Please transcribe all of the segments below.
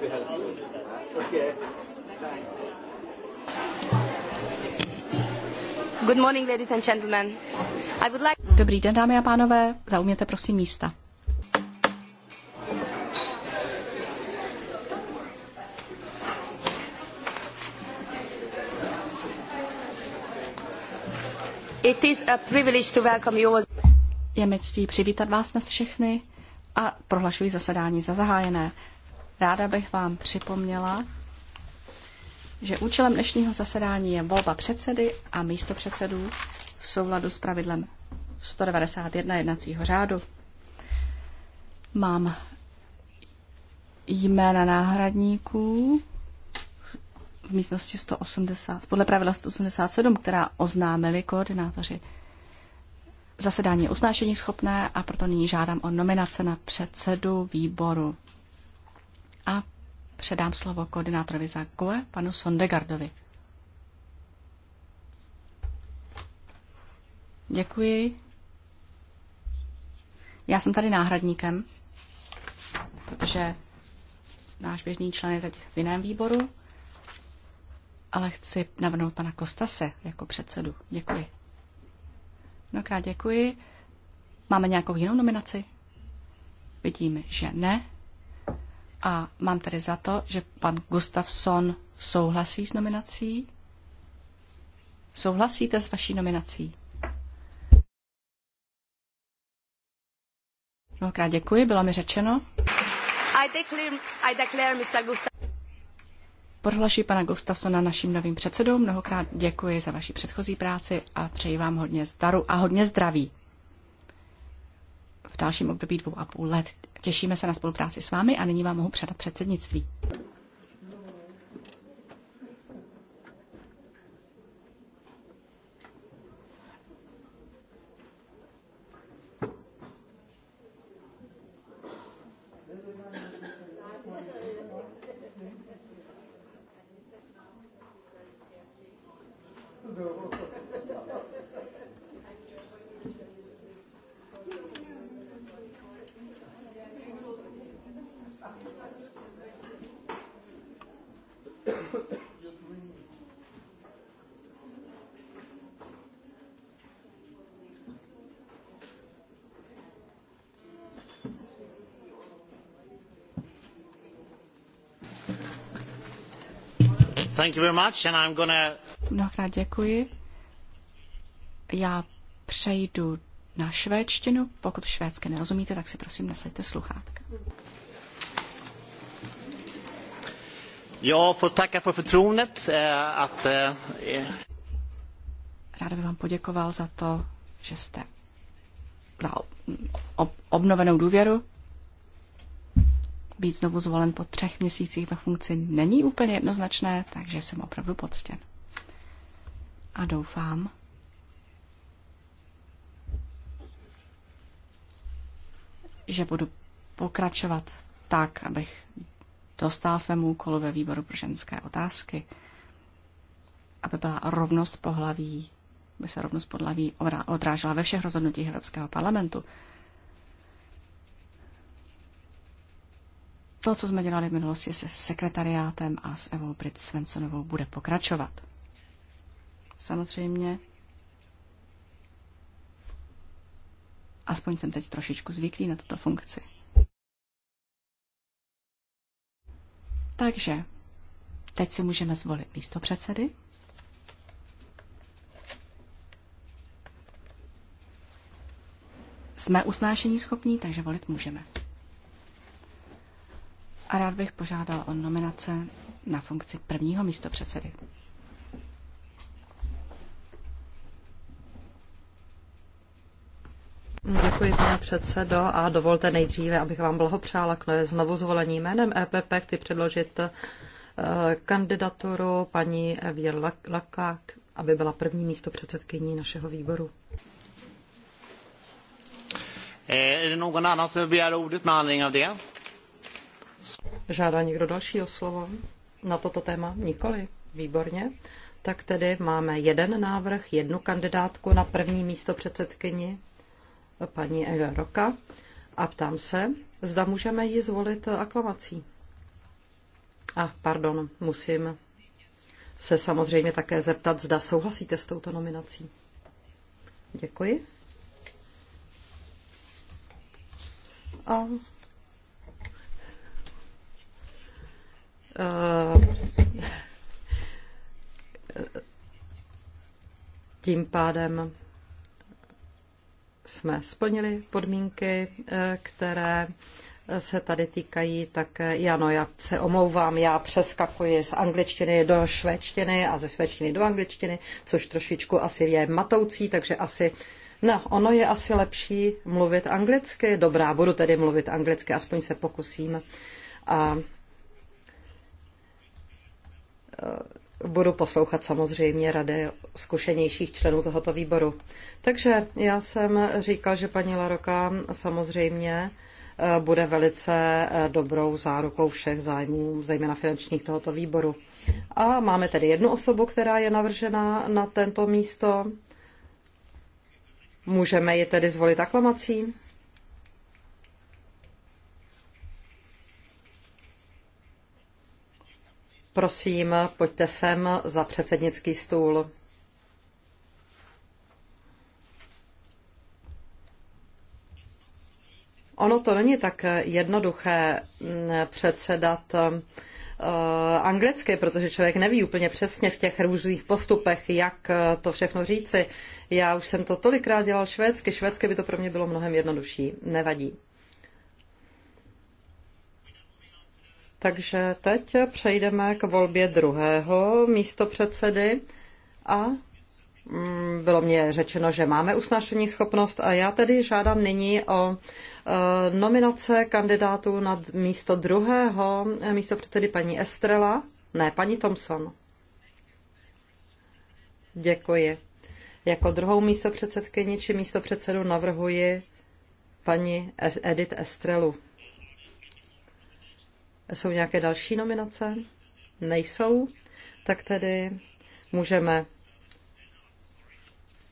to help you. Okay. Thanks. Good morning, ladies and gentlemen. I would like... Dobrý den, dámy a pánové. zaujměte prosím místa. It is a privilege to welcome you all. Je mi ctí přivítat vás dnes všechny a prohlašuji zasedání za zahájené. Ráda bych vám připomněla, že účelem dnešního zasedání je volba předsedy a místo předsedů v souladu s pravidlem 191 jednacího řádu. Mám jména náhradníků v místnosti 180, podle pravidla 187, která oznámili koordinátoři. Zasedání je usnášení schopné a proto nyní žádám o nominace na předsedu výboru a předám slovo koordinátorovi za GUE, panu Sondegardovi. Děkuji. Já jsem tady náhradníkem, protože náš běžný člen je teď v jiném výboru, ale chci navrhnout pana Kostase jako předsedu. Děkuji. Mnohokrát děkuji. Máme nějakou jinou nominaci? Vidím, že ne. A mám tady za to, že pan Gustafsson souhlasí s nominací. Souhlasíte s vaší nominací? Mnohokrát děkuji, bylo mi řečeno. I declare, I declare Mr. Gustav... Prohlaší pana Gustafsona naším novým předsedou. Mnohokrát děkuji za vaši předchozí práci a přeji vám hodně zdaru a hodně zdraví. V dalším období dvou a půl let Těšíme se na spolupráci s vámi a nyní vám mohu předat předsednictví. Thank you very much and I'm gonna... Mnohokrát děkuji. Já přejdu na švédštinu. Pokud švédsky nerozumíte, tak si prosím nasaďte sluchátka. Já får tacka för förtroendet eh, att... Eh, eh. Ráda bych vám poděkoval za to, že jste za obnovenou důvěru být znovu zvolen po třech měsících ve funkci není úplně jednoznačné, takže jsem opravdu poctěn. A doufám, že budu pokračovat tak, abych dostal svému úkolu ve výboru pro ženské otázky, aby byla rovnost pohlaví, aby se rovnost pohlaví odrážela ve všech rozhodnutích Evropského parlamentu. To, co jsme dělali v minulosti se sekretariátem a s Evou Brit Svensonovou, bude pokračovat. Samozřejmě Aspoň jsem teď trošičku zvyklý na tuto funkci. Takže teď si můžeme zvolit místo předsedy. Jsme usnášení schopní, takže volit můžeme a rád bych požádal o nominace na funkci prvního místo předsedy. Děkuji, pane předsedo, a dovolte nejdříve, abych vám blahopřála k znovu zvolení jménem EPP. Chci předložit eh, kandidaturu paní Evě Lakák, aby byla první místo předsedkyní našeho výboru. Je eh, det någon annan som begär ordet med anledning av Žádá někdo další o slovo na toto téma? Nikoli. Výborně. Tak tedy máme jeden návrh, jednu kandidátku na první místo předsedkyni, paní Eda Roka. A ptám se, zda můžeme ji zvolit aklamací. A pardon, musím se samozřejmě také zeptat, zda souhlasíte s touto nominací. Děkuji. A Eh, tím pádem jsme splnili podmínky, eh, které se tady týkají, tak eh, já no, já se omlouvám, já přeskakuji z angličtiny do švédštiny a ze švédštiny do angličtiny, což trošičku asi je matoucí, takže asi No, ono je asi lepší mluvit anglicky. Dobrá, budu tedy mluvit anglicky, aspoň se pokusím. A Eh, budu poslouchat samozřejmě rady zkušenějších členů tohoto výboru. Takže já jsem říkal, že paní Laroka samozřejmě eh, bude velice eh, dobrou zárukou všech zájmů, zejména finančních tohoto výboru. A máme tedy jednu osobu, která je navržena na tento místo. Můžeme ji tedy zvolit aklamací? Prosím, pojďte sem za předsednický stůl. Ono to není tak jednoduché mm, předsedat eh, anglicky, protože člověk neví úplně přesně v těch různých postupech, jak eh, to všechno říci. Já už jsem to tolikrát dělal švédsky, švédsky by to pro mě bylo mnohem jednodušší. Nevadí. Takže teď přejdeme k volbě druhého místopředsedy a mm, bylo mě řečeno, že máme usnášení schopnost a já tedy žádám nyní o e, nominace kandidátů na místo druhého e, místo předsedy paní Estrela, ne paní Thompson. Děkuji. Jako druhou místo předsedkyni či místo předsedu navrhuji paní Edith Estrelu. Jsou nějaké další nominace? Nejsou. Tak tedy můžeme.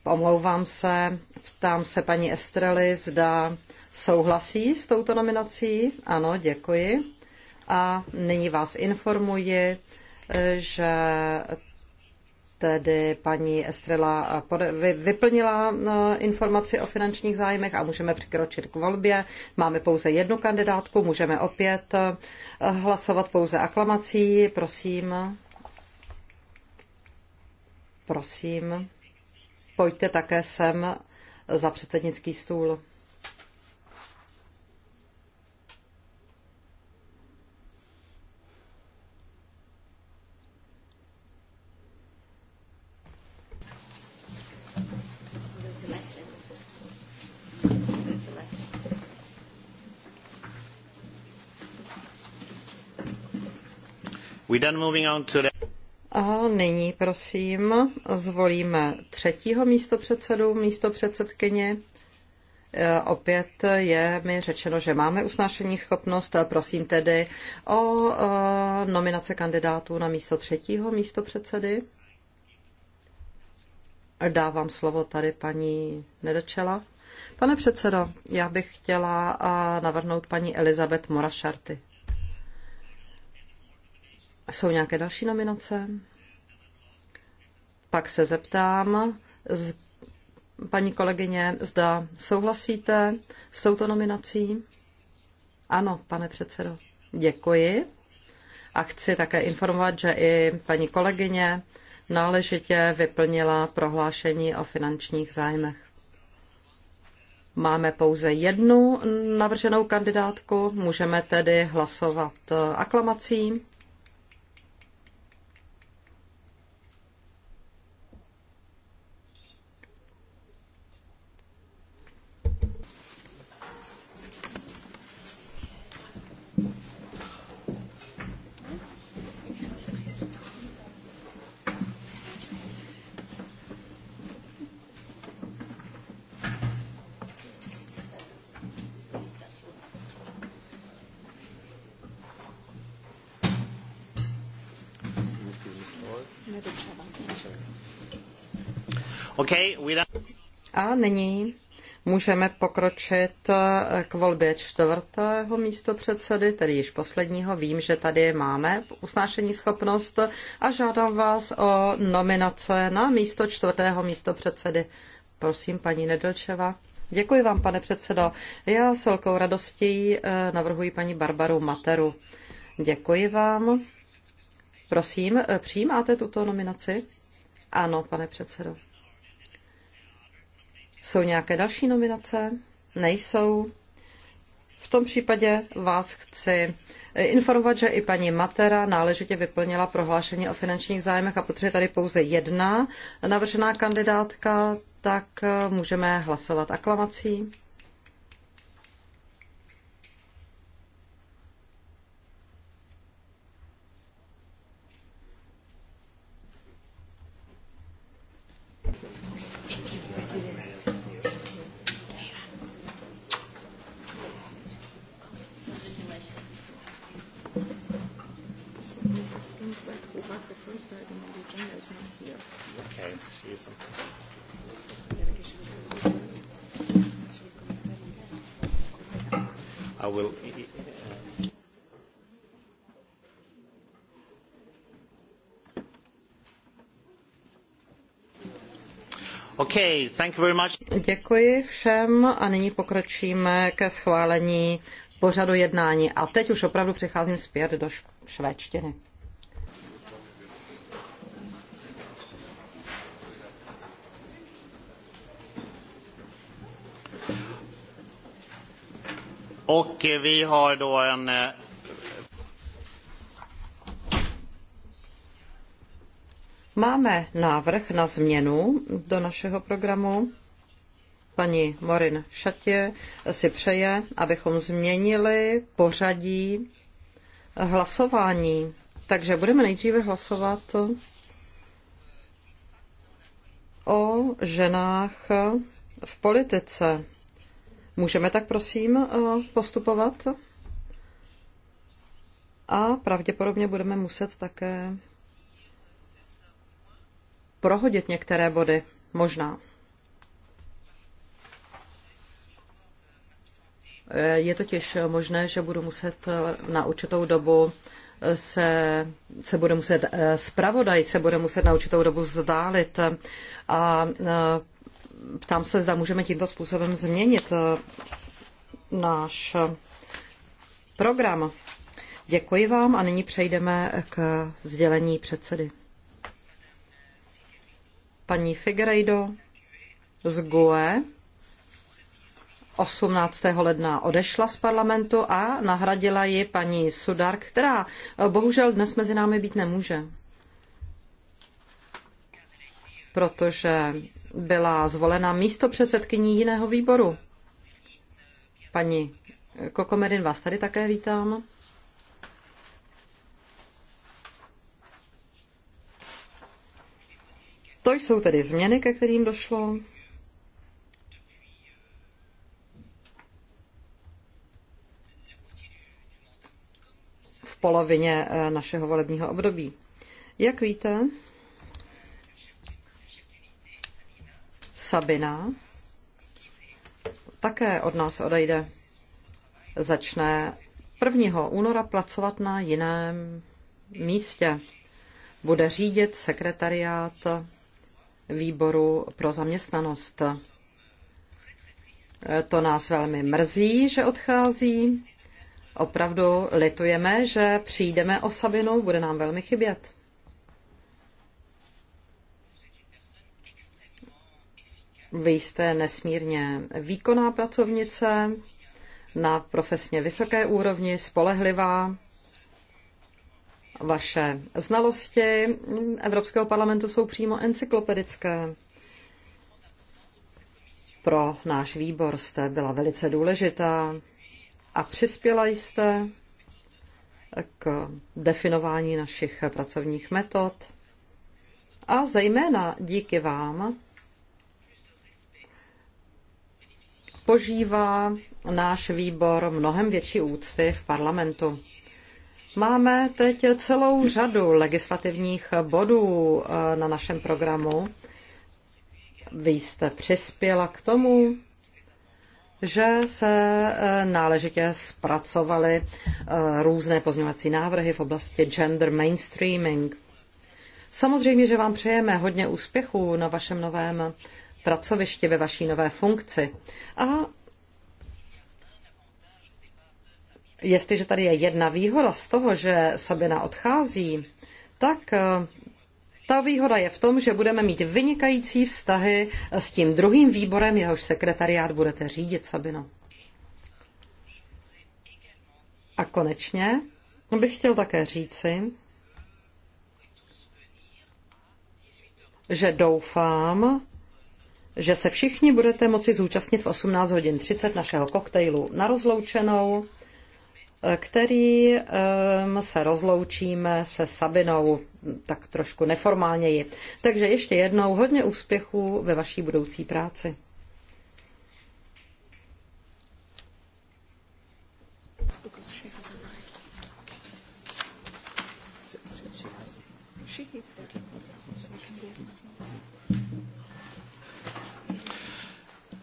Omlouvám se, ptám se paní Estrely, zda souhlasí s touto nominací. Ano, děkuji. A nyní vás informuji, že tedy paní Estrela eh, vyplnila eh, informaci o finančních zájmech a můžeme přikročit k volbě. Máme pouze jednu kandidátku, můžeme opět eh, hlasovat pouze aklamací. Prosím. Prosím. Pojďte také sem za předsednický stůl. A nyní, prosím, zvolíme třetího místopředsedu, místopředsedkyně. E, opět je mi řečeno, že máme usnášení schopnost. Prosím tedy o e, nominace kandidátů na místo třetího místopředsedy. Dávám slovo tady paní Nedočela. Pane předsedo, já bych chtěla navrhnout paní Elizabeth Morašarty. Jsou nějaké další nominace? Pak se zeptám, z, paní kolegyně, zda souhlasíte s touto nominací? Ano, pane předsedo, děkuji. A chci také informovat, že i paní kolegyně náležitě vyplnila prohlášení o finančních zájmech. Máme pouze jednu navrženou kandidátku, můžeme tedy hlasovat aklamací. A nyní můžeme pokročit eh, k volbě čtvrtého místo předsedy, tedy již posledního. Vím, že tady máme usnášení schopnost a žádám vás o nominace na místo čtvrtého místo předsedy. Prosím, paní Nedlčeva. Děkuji vám, pane předsedo. Já s velkou radostí eh, navrhuji paní Barbaru Materu. Děkuji vám. Prosím, eh, přijímáte tuto nominaci? Ano, pane předsedo. Jsou nějaké další nominace? Nejsou. V tom případě vás chci eh, informovat, že i paní Matera náležitě vyplnila prohlášení o finančních zájmech a protože tady pouze jedna navržená kandidátka, tak eh, můžeme hlasovat aklamací. Děkuji všem a nyní pokročíme ke schválení pořadu jednání. A teď už opravdu přecházím zpět do švédštiny. Och vi har då en eh, Máme návrh na změnu do našeho programu. Paní Morin Šatě si přeje, abychom změnili pořadí hlasování. Takže budeme nejdříve hlasovat o ženách v politice. Můžeme tak prosím postupovat? A pravděpodobně budeme muset také prohodit některé body. Možná. Je totiž možné, že budu muset na určitou dobu se, se bude muset, eh, zpravodaj se bude muset na určitou dobu zdálit a eh, ptám se, zda můžeme tímto způsobem změnit eh, náš program. Děkuji vám a nyní přejdeme k sdělení předsedy paní Figueiredo z GUE 18. ledna odešla z parlamentu a nahradila ji paní Sudark, která eh, bohužel dnes mezi námi být nemůže, protože byla zvolena místo předsedkyní jiného výboru. Paní Kokomerin, vás tady také vítám. To jsou tedy změny, ke kterým došlo. v polovině eh, našeho volebního období. Jak víte, Sabina také od nás odejde. Začne 1. února pracovat na jiném místě. Bude řídit sekretariát výboru pro zaměstnanost. To nás velmi mrzí, že odchází. Opravdu litujeme, že přijdeme o Sabinu, bude nám velmi chybět. Vy jste nesmírně výkonná pracovnice, na profesně vysoké úrovni, spolehlivá vaše znalosti Evropského parlamentu jsou přímo encyklopedické. Pro náš výbor jste byla velice důležitá a přispěla jste k definování našich pracovních metod. A zejména díky vám požívá náš výbor mnohem větší úcty v parlamentu. Máme teď celou řadu legislativních bodů eh, na našem programu. Vy jste přispěla k tomu, že se eh, náležitě zpracovaly eh, různé pozměňovací návrhy v oblasti gender mainstreaming. Samozřejmě, že vám přejeme hodně úspěchů na vašem novém pracovišti, ve vaší nové funkci. A Jestliže tady je jedna výhoda z toho, že Sabina odchází, tak eh, ta výhoda je v tom, že budeme mít vynikající vztahy s tím druhým výborem, jehož sekretariát budete řídit, Sabino. A konečně bych chtěl také říci, že doufám, že se všichni budete moci zúčastnit v 18 hodin 30 našeho koktejlu na rozloučenou který se rozloučíme se Sabinou tak trošku neformálněji. Takže ještě jednou hodně úspěchů ve vaší budoucí práci.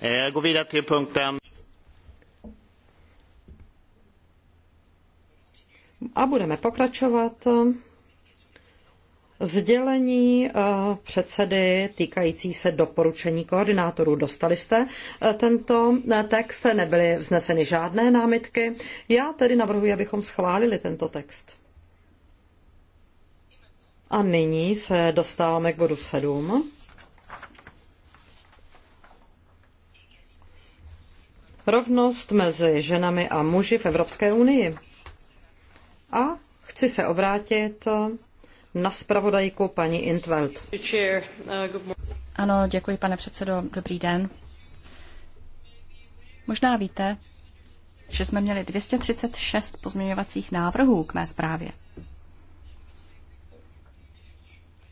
Eh, jag går vidare till punkten budeme pokračovat sdělení eh, předsedy týkající se doporučení koordinátorů. Dostali jste eh, tento eh, text, nebyly vzneseny žádné námitky. Já tedy navrhuji, abychom schválili tento text. A nyní se dostáváme k bodu 7. Rovnost mezi ženami a muži v Evropské unii. A chci se obrátit na zpravodajku paní Intveld. Ano, děkuji, pane předsedo. Dobrý den. Možná víte, že jsme měli 236 pozměňovacích návrhů k mé zprávě.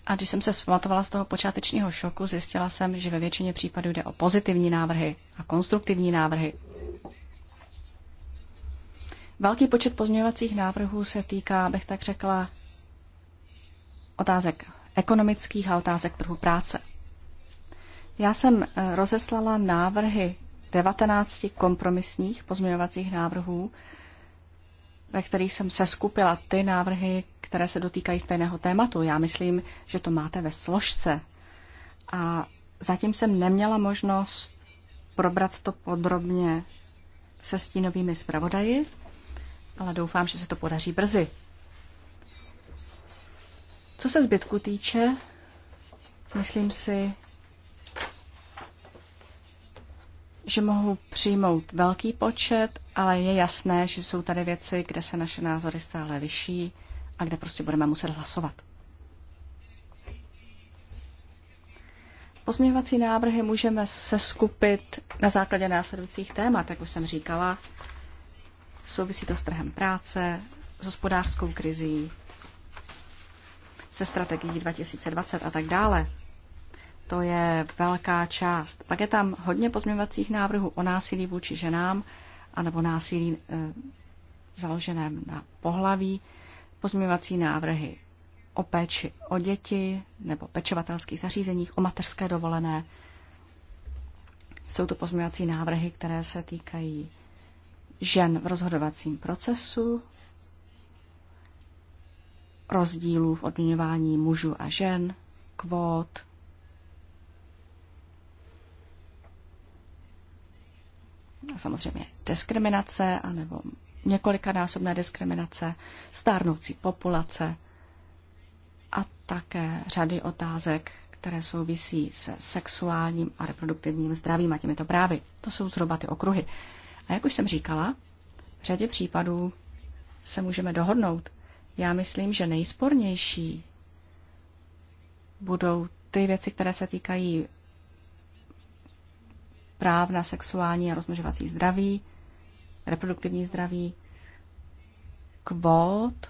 A když jsem se zpamatovala z toho počátečního šoku, zjistila jsem, že ve většině případů jde o pozitivní návrhy a konstruktivní návrhy Velký počet pozměňovacích návrhů se týká, bych tak řekla, otázek ekonomických a otázek trhu práce. Já jsem eh, rozeslala návrhy 19 kompromisních pozměňovacích návrhů, ve kterých jsem seskupila ty návrhy, které se dotýkají stejného tématu. Já myslím, že to máte ve složce. A zatím jsem neměla možnost probrat to podrobně se stínovými zpravodaji, ale doufám, že se to podaří brzy. Co se zbytku týče, myslím si, že mohu přijmout velký počet, ale je jasné, že jsou tady věci, kde se naše názory stále liší a kde prostě budeme muset hlasovat. Pozměňovací návrhy můžeme seskupit na základě následujících témat, jak už jsem říkala. Souvisí to s trhem práce, s hospodářskou krizí, se strategií 2020 a tak dále. To je velká část. Pak je tam hodně pozměňovacích návrhů o násilí vůči ženám anebo násilí e, založeném na pohlaví, pozměňovací návrhy o péči o děti nebo pečovatelských zařízeních, o mateřské dovolené. Jsou to pozměňovací návrhy, které se týkají žen v rozhodovacím procesu, rozdílů v odměňování mužů a žen, kvót, samozřejmě diskriminace, anebo několikanásobné diskriminace, stárnoucí populace a také řady otázek, které souvisí se sexuálním a reproduktivním zdravím a těmito právy. To jsou zhruba ty okruhy. A jak už jsem říkala, v řadě případů se můžeme dohodnout. Já myslím, že nejspornější budou ty věci, které se týkají práv na sexuální a rozmnožovací zdraví, reproduktivní zdraví, kvót.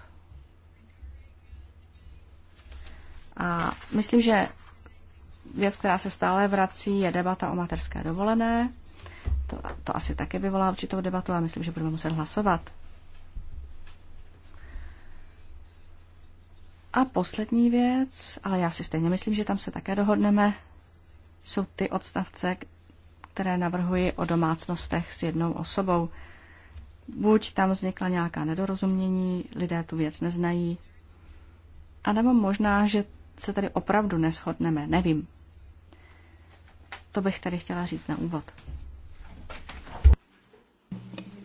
A myslím, že věc, která se stále vrací, je debata o mateřské dovolené. To, to asi také vyvolá určitou debatu a myslím, že budeme muset hlasovat. A poslední věc, ale já si stejně myslím, že tam se také dohodneme, jsou ty odstavce, které navrhuji o domácnostech s jednou osobou. Buď tam vznikla nějaká nedorozumění, lidé tu věc neznají, anebo možná, že se tady opravdu neshodneme, nevím. To bych tady chtěla říct na úvod.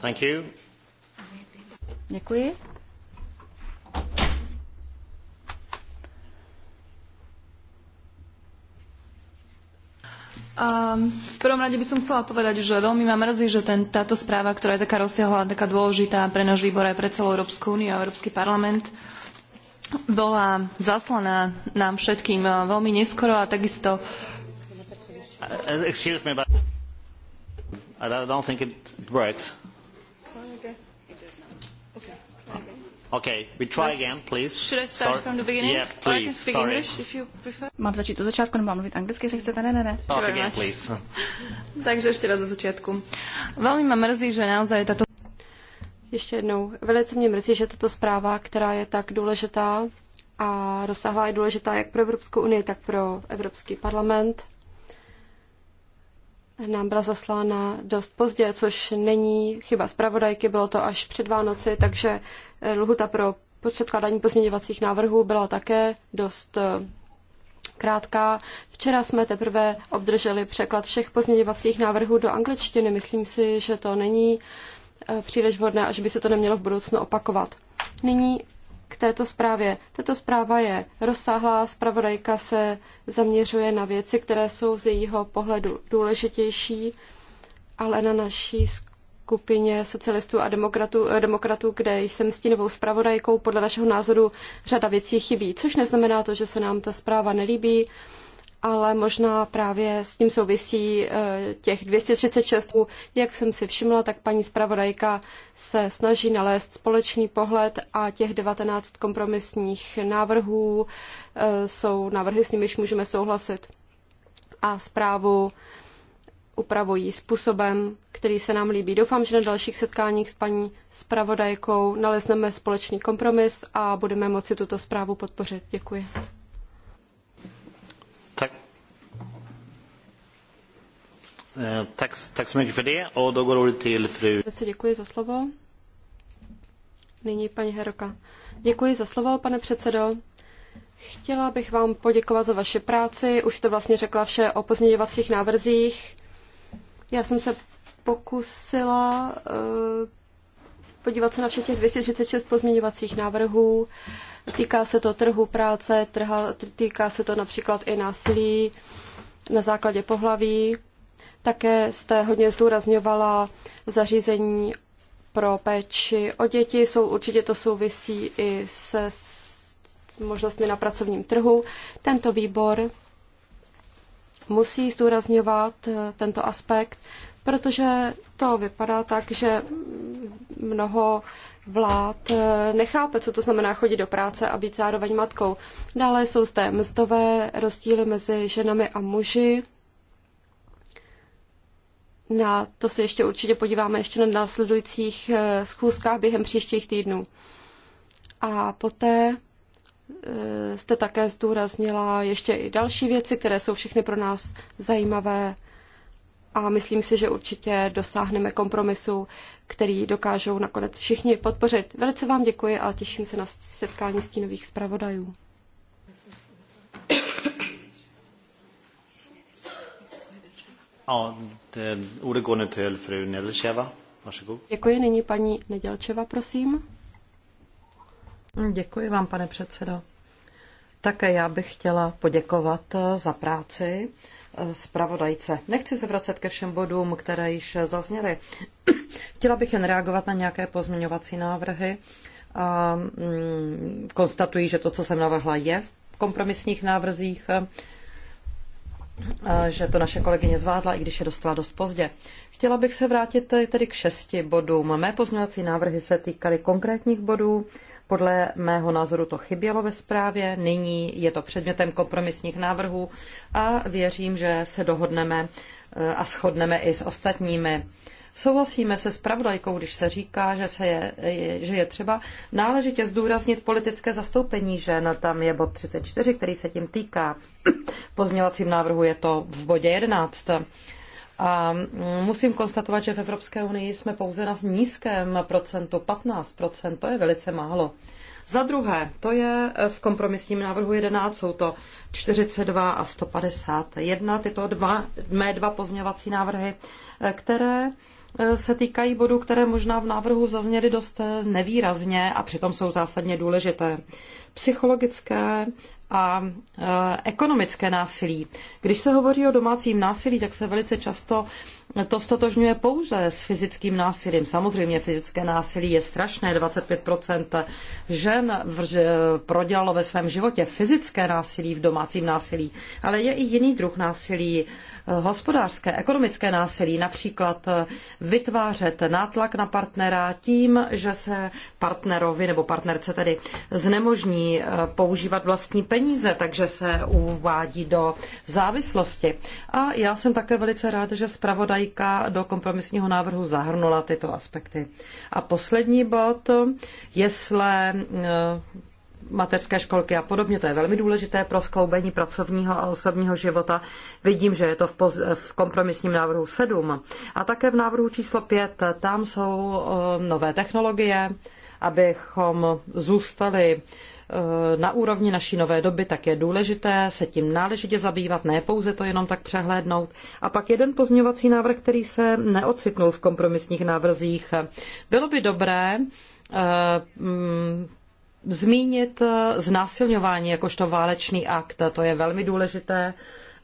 Děkuji. v prvom rade by som chcela povedať, že veľmi ma mrzí, že ten, táto správa, ktorá je taká rozsiahla a taká dôležitá pre náš výbor aj pre celú Európsku úniu a Európsky parlament, bola zaslaná nám všetkým e, veľmi neskoro a takisto... Excuse me, but I don't think it works. Okay, we try again, please. Should I start Sorry. from the beginning? Yeah, please. Or I can speak Sorry. English if you prefer. Mám začít od začátku, nebo mám mluvit anglicky, jestli chcete? Ne, ne, ne. Start again, please. Takže ještě raz ze začátku. Velmi mě mrzí, že naozaj tato... Ještě jednou. Velice mě mrzí, že tato zpráva, která je tak důležitá a rozsáhlá je důležitá jak pro Evropskou unii, tak pro Evropský parlament, nám byla zaslána dost pozdě, což není chyba zpravodajky, bylo to až před Vánoci, takže Lhuta pro předkládání pozměňovacích návrhů byla také dost eh, krátká. Včera jsme teprve obdrželi překlad všech pozměňovacích návrhů do angličtiny. Myslím si, že to není eh, příliš vhodné a že by se to nemělo v budoucnu opakovat. Nyní k této zprávě. Tato zpráva je rozsáhlá, zpravodajka se zaměřuje na věci, které jsou z jejího pohledu důležitější, ale na naší skupině socialistů a demokratů, eh, demokratů, kde jsem stínovou zpravodajkou, podle našeho názoru řada věcí chybí, což neznamená to, že se nám ta zpráva nelíbí, ale možná právě s tím souvisí eh, těch 236. Jak jsem si všimla, tak paní zpravodajka se snaží nalézt společný pohled a těch 19 kompromisních návrhů eh, jsou návrhy, s nimiž můžeme souhlasit. A zprávu upravují způsobem, který se nám líbí. Doufám, že na dalších setkáních s paní zpravodajkou nalezneme společný kompromis a budeme moci tuto zprávu podpořit. Děkuji. Tak. Eh, tak, tak jsme mycket för det och Děkuji za slovo. Nyní paní Heroka. Děkuji za slovo, pane předsedo. Chtěla bych vám poděkovat za vaši práci. Už jste vlastně řekla vše o pozměňovacích návrzích. Já jsem se pokusila eh, podívat se na všech těch 236 pozměňovacích návrhů. Týká se to trhu práce, trha, týká se to například i násilí na základě pohlaví. Také jste hodně zdůrazňovala zařízení pro péči o děti. Jsou, určitě to souvisí i se s možnostmi na pracovním trhu. Tento výbor musí zdůrazňovat eh, tento aspekt, protože to vypadá tak, že mnoho vlád eh, nechápe, co to znamená chodit do práce a být zároveň matkou. Dále jsou zde mzdové rozdíly mezi ženami a muži. Na to se ještě určitě podíváme ještě na následujících eh, schůzkách během příštích týdnů. A poté Eh, jste také zdůraznila ještě i další věci, které jsou všechny pro nás zajímavé a myslím si, že určitě dosáhneme kompromisu, který dokážou nakonec všichni podpořit. Velice vám děkuji a těším se na setkání stínových zpravodajů. Děkuji, nyní paní Nedělčeva, prosím. Děkuji vám, pane předsedo. Také já bych chtěla poděkovat eh, za práci eh, zpravodajce. Nechci se vracet ke všem bodům, které již zazněly. Chtěla bych jen reagovat na nějaké pozměňovací návrhy. A, mm, konstatuji, že to, co jsem navrhla, je v kompromisních návrzích, eh, že to naše kolegyně zvládla, i když je dostala dost pozdě. Chtěla bych se vrátit tedy k šesti bodům. Mé pozměňovací návrhy se týkaly konkrétních bodů podle mého názoru to chybělo ve zprávě, nyní je to předmětem kompromisních návrhů a věřím, že se dohodneme eh, a shodneme i s ostatními. Souhlasíme se spravodajkou, když se říká, že, se je, že je třeba náležitě zdůraznit politické zastoupení žen. Tam je bod 34, který se tím týká. V pozněvacím návrhu je to v bodě 11. A mm, musím konstatovat, že v Evropské unii jsme pouze na nízkém procentu, 15%, to je velice málo. Za druhé, to je eh, v kompromisním návrhu 11, jsou to 42 a 151, tyto dva, mé dva pozměvací návrhy, eh, které Eh, se týkají bodů, které možná v návrhu zazněly dost eh, nevýrazně a přitom jsou zásadně důležité. Psychologické a eh, ekonomické násilí. Když se hovoří o domácím násilí, tak se velice často to stotožňuje pouze s fyzickým násilím. Samozřejmě fyzické násilí je strašné, 25% žen prodělalo ve svém životě fyzické násilí v domácím násilí, ale je i jiný druh násilí, hospodářské, ekonomické násilí, například eh, vytvářet nátlak na partnera tím, že se partnerovi nebo partnerce tedy znemožní eh, používat vlastní peníze, takže se uvádí do závislosti. A já jsem také velice ráda, že zpravodajka do kompromisního návrhu zahrnula tyto aspekty. A poslední bod, eh, jestli mateřské školky a podobně. To je velmi důležité pro skloubení pracovního a osobního života. Vidím, že je to v, poz- v kompromisním návrhu 7 a také v návrhu číslo 5. Tam jsou eh, nové technologie, abychom zůstali eh, na úrovni naší nové doby, tak je důležité se tím náležitě zabývat, ne pouze to jenom tak přehlédnout. A pak jeden pozměňovací návrh, který se neocitnul v kompromisních návrzích. Bylo by dobré eh, mm, zmínit eh, znásilňování jakožto válečný akt. To je velmi důležité,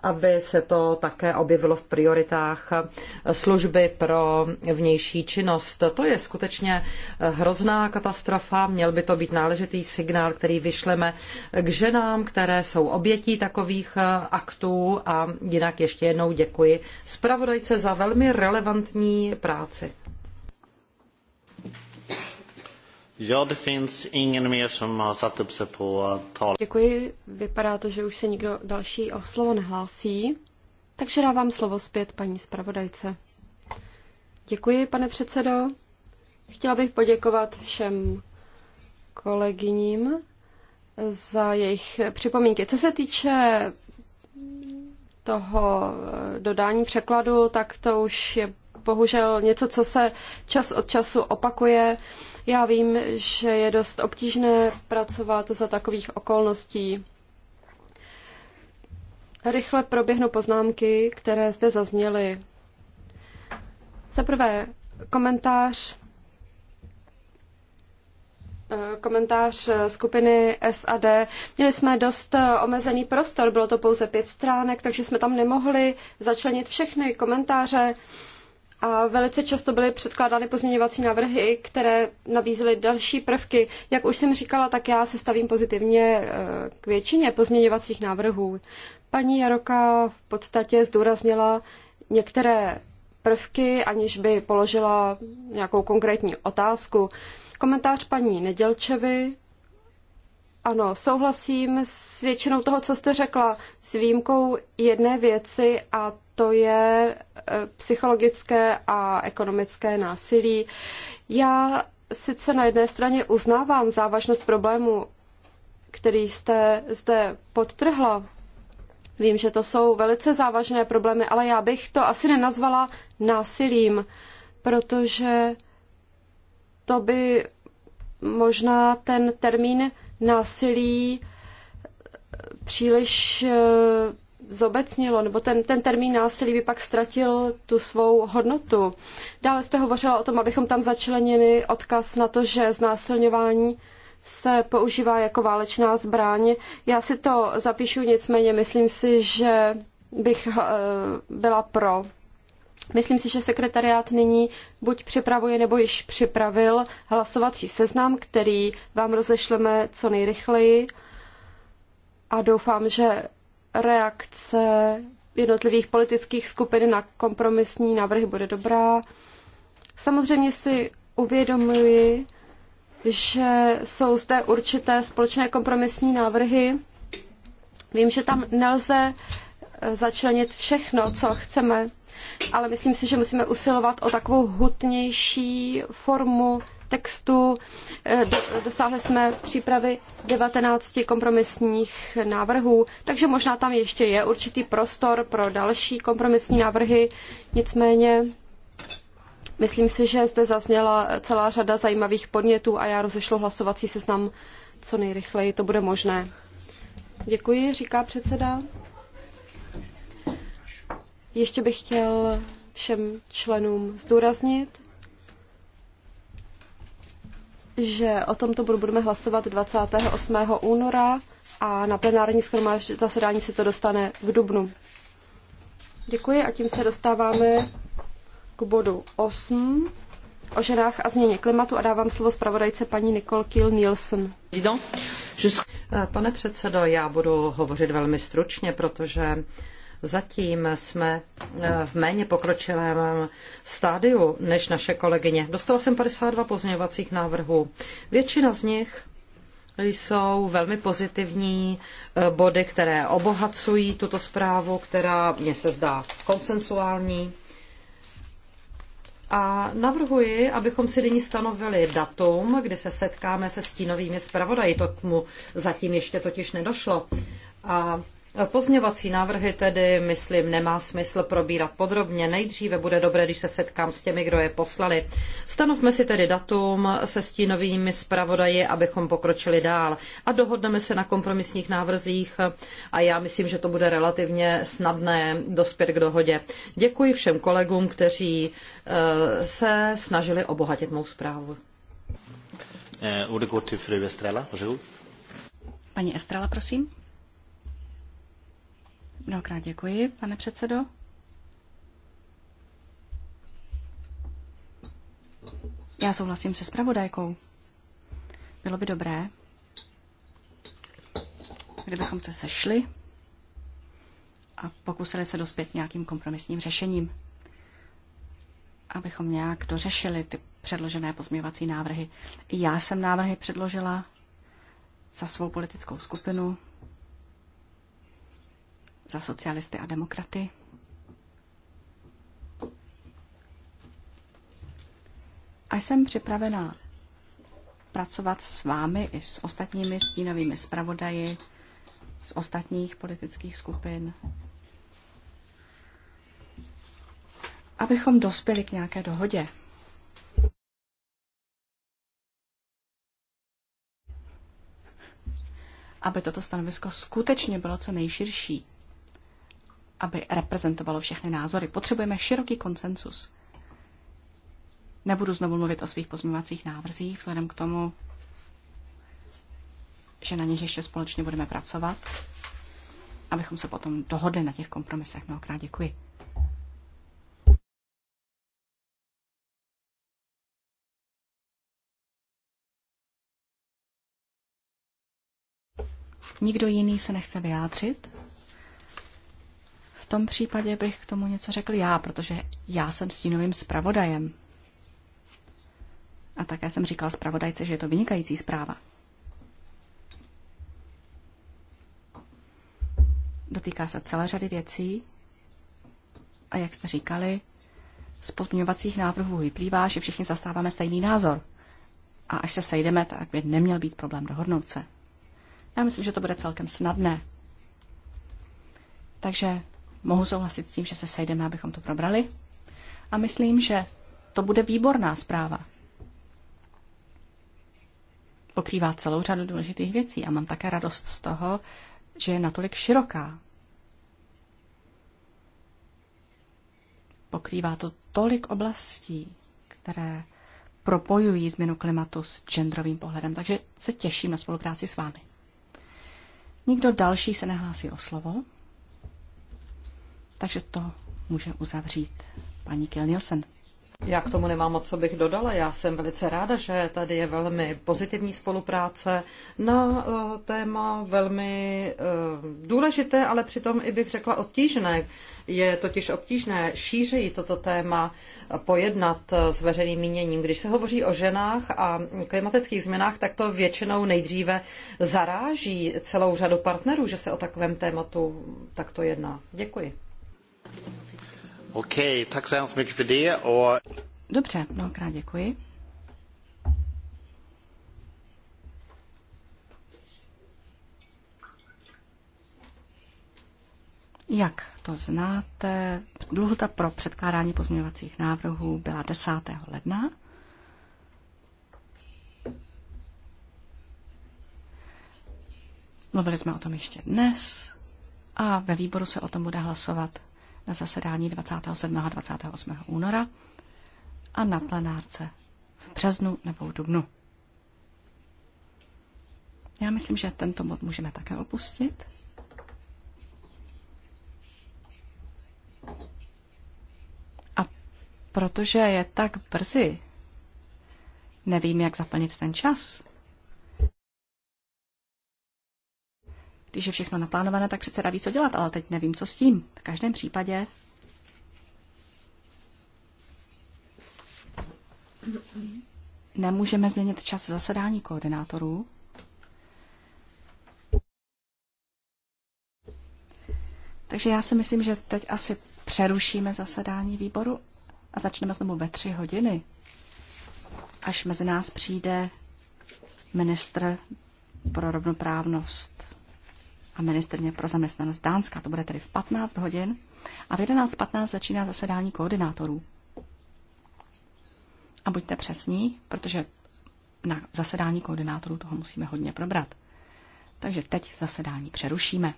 aby se to také objevilo v prioritách eh, služby pro vnější činnost. To je skutečně eh, hrozná katastrofa. Měl by to být náležitý signál, který vyšleme k ženám, které jsou obětí takových aktů. A jinak ještě jednou děkuji zpravodajce za velmi relevantní práci. det finns ingen mer som har satt upp på tal. Děkuji, vypadá to, že už se nikdo další o slovo nehlásí. Takže dávám slovo zpět paní zpravodajce. Děkuji, pane předsedo. Chtěla bych poděkovat všem kolegyním za jejich připomínky. Co se týče toho dodání překladu, tak to už je bohužel něco, co se čas od času opakuje. Já vím, že je dost obtížné pracovat za takových okolností. Rychle proběhnu poznámky, které zde zazněly. Za prvé, komentář eh, komentář skupiny SAD. Měli jsme dost eh, omezený prostor, bylo to pouze pět stránek, takže jsme tam nemohli začlenit všechny komentáře a velice často byly předkládány pozměňovací návrhy, které nabízely další prvky. Jak už jsem říkala, tak já se stavím pozitivně eh, k většině pozměňovacích návrhů. Paní Jaroka v podstatě zdůraznila některé prvky, aniž by položila nějakou konkrétní otázku. Komentář paní Nedělčevy. Ano, souhlasím s většinou toho, co jste řekla, s výjimkou jedné věci a to je eh, psychologické a ekonomické násilí. Já sice na jedné straně uznávám závažnost problému, který jste zde podtrhla, vím, že to jsou velice závažné problémy, ale já bych to asi nenazvala násilím, protože to by možná ten termín násilí příliš eh, zobecnilo, nebo ten, ten termín násilí by pak ztratil tu svou hodnotu. Dále jste hovořila o tom, abychom tam začlenili odkaz na to, že znásilňování se používá jako válečná zbraň. Já si to zapíšu, nicméně myslím si, že bych eh, byla pro. Myslím si, že sekretariát nyní buď připravuje nebo již připravil hlasovací seznam, který vám rozešleme co nejrychleji a doufám, že reakce jednotlivých politických skupin na kompromisní návrhy bude dobrá. Samozřejmě si uvědomuji, že jsou zde určité společné kompromisní návrhy. Vím, že tam nelze eh, začlenit všechno, co chceme, ale myslím si, že musíme usilovat o takovou hutnější formu textu. Eh, dosáhli jsme přípravy 19 kompromisních návrhů, takže možná tam ještě je určitý prostor pro další kompromisní návrhy. Nicméně myslím si, že zde zazněla celá řada zajímavých podnětů a já rozešlu hlasovací seznam co nejrychleji to bude možné. Děkuji, říká předseda. Ještě bych chtěl všem členům zdůraznit, že o tomto bodu budeme hlasovat 28. února a na plenární schromáždě zasedání se to dostane v dubnu. Děkuji a tím se dostáváme k bodu 8 o ženách a změně klimatu a dávám slovo zpravodajce paní Nicole Kiel Nielsen. Pane předsedo, já budu hovořit velmi stručně, protože Zatím jsme eh, v méně pokročilém stádiu než naše kolegyně. Dostala jsem 52 pozměňovacích návrhů. Většina z nich jsou velmi pozitivní eh, body, které obohacují tuto zprávu, která mně se zdá konsensuální. A navrhuji, abychom si nyní stanovili datum, kdy se setkáme se stínovými zpravodaji. To k mu zatím ještě totiž nedošlo. A Pozměvací návrhy tedy, myslím, nemá smysl probírat podrobně. Nejdříve bude dobré, když se setkám s těmi, kdo je poslali. Stanovme si tedy datum se stínovými zpravodaji, abychom pokročili dál. A dohodneme se na kompromisních návrzích a já myslím, že to bude relativně snadné dospět k dohodě. Děkuji všem kolegům, kteří eh, se snažili obohatit mou zprávu. Eh, Paní Estrella, prosím. Mnohokrát děkuji, pane předsedo. Já souhlasím se zpravodajkou. Bylo by dobré, kdybychom se sešli a pokusili se dospět nějakým kompromisním řešením, abychom nějak dořešili ty předložené pozměňovací návrhy. Já jsem návrhy předložila za svou politickou skupinu, za socialisty a demokraty. A jsem připravená pracovat s vámi i s ostatními stínovými zpravodaji z ostatních politických skupin, abychom dospěli k nějaké dohodě. Aby toto stanovisko skutečně bylo co nejširší aby reprezentovalo všechny názory. Potřebujeme široký konsensus. Nebudu znovu mluvit o svých pozměňovacích návrzích, vzhledem k tomu, že na nich ještě společně budeme pracovat, abychom se potom dohodli na těch kompromisech. Mnohokrát děkuji. Nikdo jiný se nechce vyjádřit? tom případě bych k tomu něco řekl já, protože já jsem stínovým zpravodajem. A také jsem říkal zpravodajce, že je to vynikající zpráva. Dotýká se celé řady věcí a jak jste říkali, z pozměňovacích návrhů vyplývá, že všichni zastáváme stejný názor. A až se sejdeme, tak by neměl být problém dohodnout se. Já myslím, že to bude celkem snadné. Takže mohu souhlasit s tím, že se sejdeme, abychom to probrali. A myslím, že to bude výborná zpráva. Pokrývá celou řadu důležitých věcí a mám také radost z toho, že je natolik široká. Pokrývá to tolik oblastí, které propojují změnu klimatu s genderovým pohledem, takže se těším na spolupráci s vámi. Nikdo další se nehlásí o slovo. Takže to může uzavřít paní Kiel Nielsen. Já k tomu nemám moc, co bych dodala. Já jsem velice ráda, že tady je velmi pozitivní spolupráce na eh, téma velmi eh, důležité, ale přitom i bych řekla obtížné. Je totiž obtížné šířit toto téma pojednat eh, s veřejným míněním. Když se hovoří o ženách a klimatických změnách, tak to většinou nejdříve zaráží celou řadu partnerů, že se o takovém tématu takto jedná. Děkuji. Okej, tak se mycket det. Dobře, mnohokrát děkuji. Jak to znáte, lhuta pro předkládání pozměňovacích návrhů byla 10. ledna. Mluvili jsme o tom ještě dnes a ve výboru se o tom bude hlasovat na zasedání 27. a 28. února a na plenárce v březnu nebo v dubnu. Já myslím, že tento bod můžeme také opustit. A protože je tak brzy, nevím, jak zaplnit ten čas. Když je všechno naplánované, tak předseda ví, co dělat, ale teď nevím, co s tím. V každém případě nemůžeme změnit čas zasedání koordinátorů. Takže já si myslím, že teď asi přerušíme zasedání výboru a začneme znovu ve tři hodiny, až mezi nás přijde ministr pro rovnoprávnost a ministrně pro zaměstnanost Dánska. To bude tedy v 15 hodin a v 11.15 začíná zasedání koordinátorů. A buďte přesní, protože na zasedání koordinátorů toho musíme hodně probrat. Takže teď zasedání přerušíme.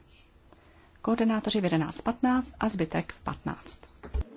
Koordinátoři v 11.15 a zbytek v 15.